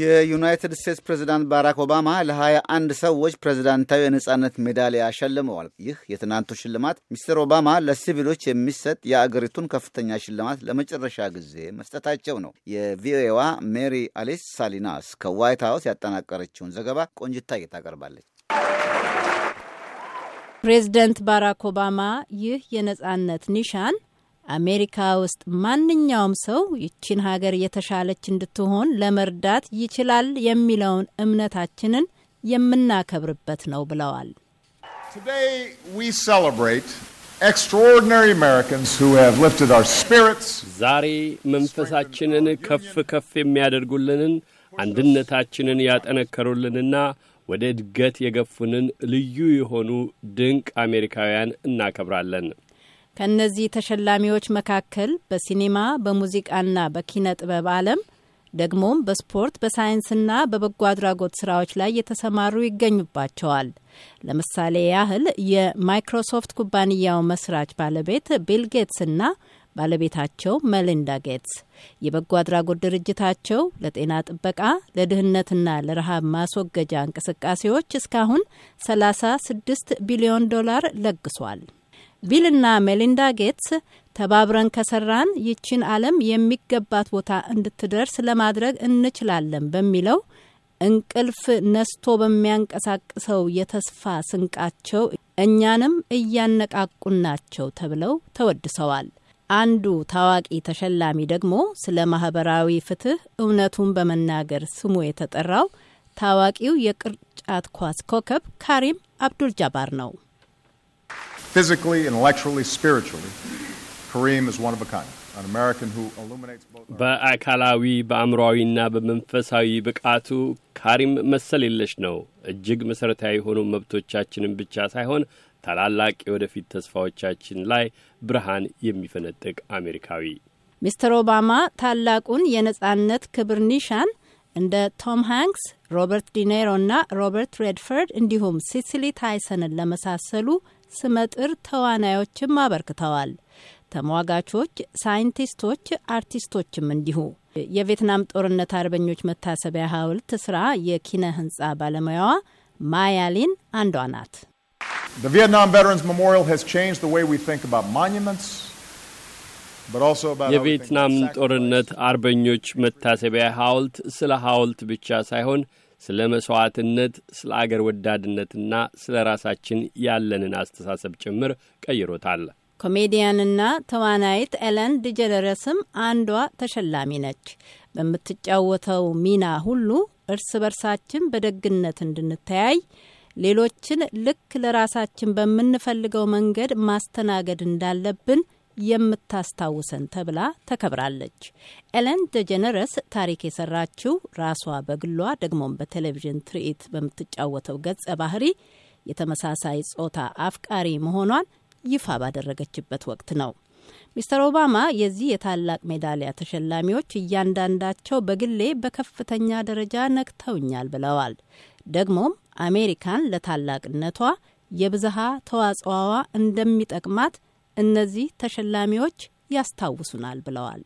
የዩናይትድ ስቴትስ ፕሬዚዳንት ባራክ ኦባማ ለሀያ አንድ ሰዎች ፕሬዚዳንታዊ የነጻነት ሜዳሊያ ሸልመዋል። ይህ የትናንቱ ሽልማት ሚስተር ኦባማ ለሲቪሎች የሚሰጥ የአገሪቱን ከፍተኛ ሽልማት ለመጨረሻ ጊዜ መስጠታቸው ነው። የቪኦኤዋ ሜሪ አሊስ ሳሊናስ ከዋይት ሀውስ ያጠናቀረችውን ዘገባ ቆንጅታዬ ታቀርባለች። ፕሬዚደንት ባራክ ኦባማ ይህ የነጻነት ኒሻን አሜሪካ ውስጥ ማንኛውም ሰው ይቺን ሀገር የተሻለች እንድትሆን ለመርዳት ይችላል የሚለውን እምነታችንን የምናከብርበት ነው ብለዋል። ዛሬ መንፈሳችንን ከፍ ከፍ የሚያደርጉልንን አንድነታችንን ያጠነከሩልንና ወደ እድገት የገፉንን ልዩ የሆኑ ድንቅ አሜሪካውያን እናከብራለን። ከእነዚህ ተሸላሚዎች መካከል በሲኔማ በሙዚቃና በኪነ ጥበብ ዓለም ደግሞም በስፖርት በሳይንስና በበጎ አድራጎት ስራዎች ላይ የተሰማሩ ይገኙባቸዋል። ለምሳሌ ያህል የማይክሮሶፍት ኩባንያው መስራች ባለቤት ቢል ጌትስና ባለቤታቸው መሊንዳ ጌትስ የበጎ አድራጎት ድርጅታቸው ለጤና ጥበቃ ለድህነትና ለረሃብ ማስወገጃ እንቅስቃሴዎች እስካሁን 36 ቢሊዮን ዶላር ለግሷል። ቢልና ሜሊንዳ ጌትስ ተባብረን ከሰራን ይችን ዓለም የሚገባት ቦታ እንድትደርስ ለማድረግ እንችላለን በሚለው እንቅልፍ ነስቶ በሚያንቀሳቅሰው የተስፋ ስንቃቸው እኛንም እያነቃቁን ናቸው ተብለው ተወድሰዋል። አንዱ ታዋቂ ተሸላሚ ደግሞ ስለ ማህበራዊ ፍትህ እውነቱን በመናገር ስሙ የተጠራው ታዋቂው የቅርጫት ኳስ ኮከብ ካሪም አብዱል ጃባር ነው። physically, intellectually, spiritually. Kareem is one of a kind. በአካላዊ በአእምሮዊና በመንፈሳዊ ብቃቱ ካሪም መሰል የለሽ ነው። እጅግ መሠረታዊ የሆኑ መብቶቻችንን ብቻ ሳይሆን ታላላቅ የወደፊት ተስፋዎቻችን ላይ ብርሃን የሚፈነጥቅ አሜሪካዊ። ሚስተር ኦባማ ታላቁን የነጻነት ክብር ኒሻን እንደ ቶም ሃንክስ፣ ሮበርት ዲኔሮ እና ሮበርት ሬድፈርድ እንዲሁም ሲሲሊ ታይሰንን ለመሳሰሉ ስመጥር ተዋናዮችም አበርክተዋል። ተሟጋቾች፣ ሳይንቲስቶች፣ አርቲስቶችም እንዲሁ። የቪየትናም ጦርነት አርበኞች መታሰቢያ ሐውልት ስራ የኪነ ህንጻ ባለሙያዋ ማያሊን አንዷ ናት። The Vietnam Veterans Memorial has changed the way we think about monuments, የቪየትናም ጦርነት አርበኞች መታሰቢያ ሐውልት ስለ ሐውልት ብቻ ሳይሆን ስለ መሥዋዕትነት፣ ስለ አገር ወዳድነትና ስለ ራሳችን ያለንን አስተሳሰብ ጭምር ቀይሮታል። ኮሜዲያንና ተዋናይት ኤለን ዲጀነረስም አንዷ ተሸላሚ ነች። በምትጫወተው ሚና ሁሉ እርስ በርሳችን በደግነት እንድንተያይ ሌሎችን ልክ ለራሳችን በምንፈልገው መንገድ ማስተናገድ እንዳለብን የምታስታውሰን ተብላ ተከብራለች። ኤለን ደጀነረስ ታሪክ የሰራችው ራሷ በግሏ ደግሞም በቴሌቪዥን ትርኢት በምትጫወተው ገጸ ባህሪ የተመሳሳይ ጾታ አፍቃሪ መሆኗን ይፋ ባደረገችበት ወቅት ነው። ሚስተር ኦባማ የዚህ የታላቅ ሜዳሊያ ተሸላሚዎች እያንዳንዳቸው በግሌ በከፍተኛ ደረጃ ነክተውኛል ብለዋል። ደግሞም አሜሪካን ለታላቅነቷ የብዝሃ ተዋጽዋዋ እንደሚጠቅማት እነዚህ ተሸላሚዎች ያስታውሱናል ብለዋል።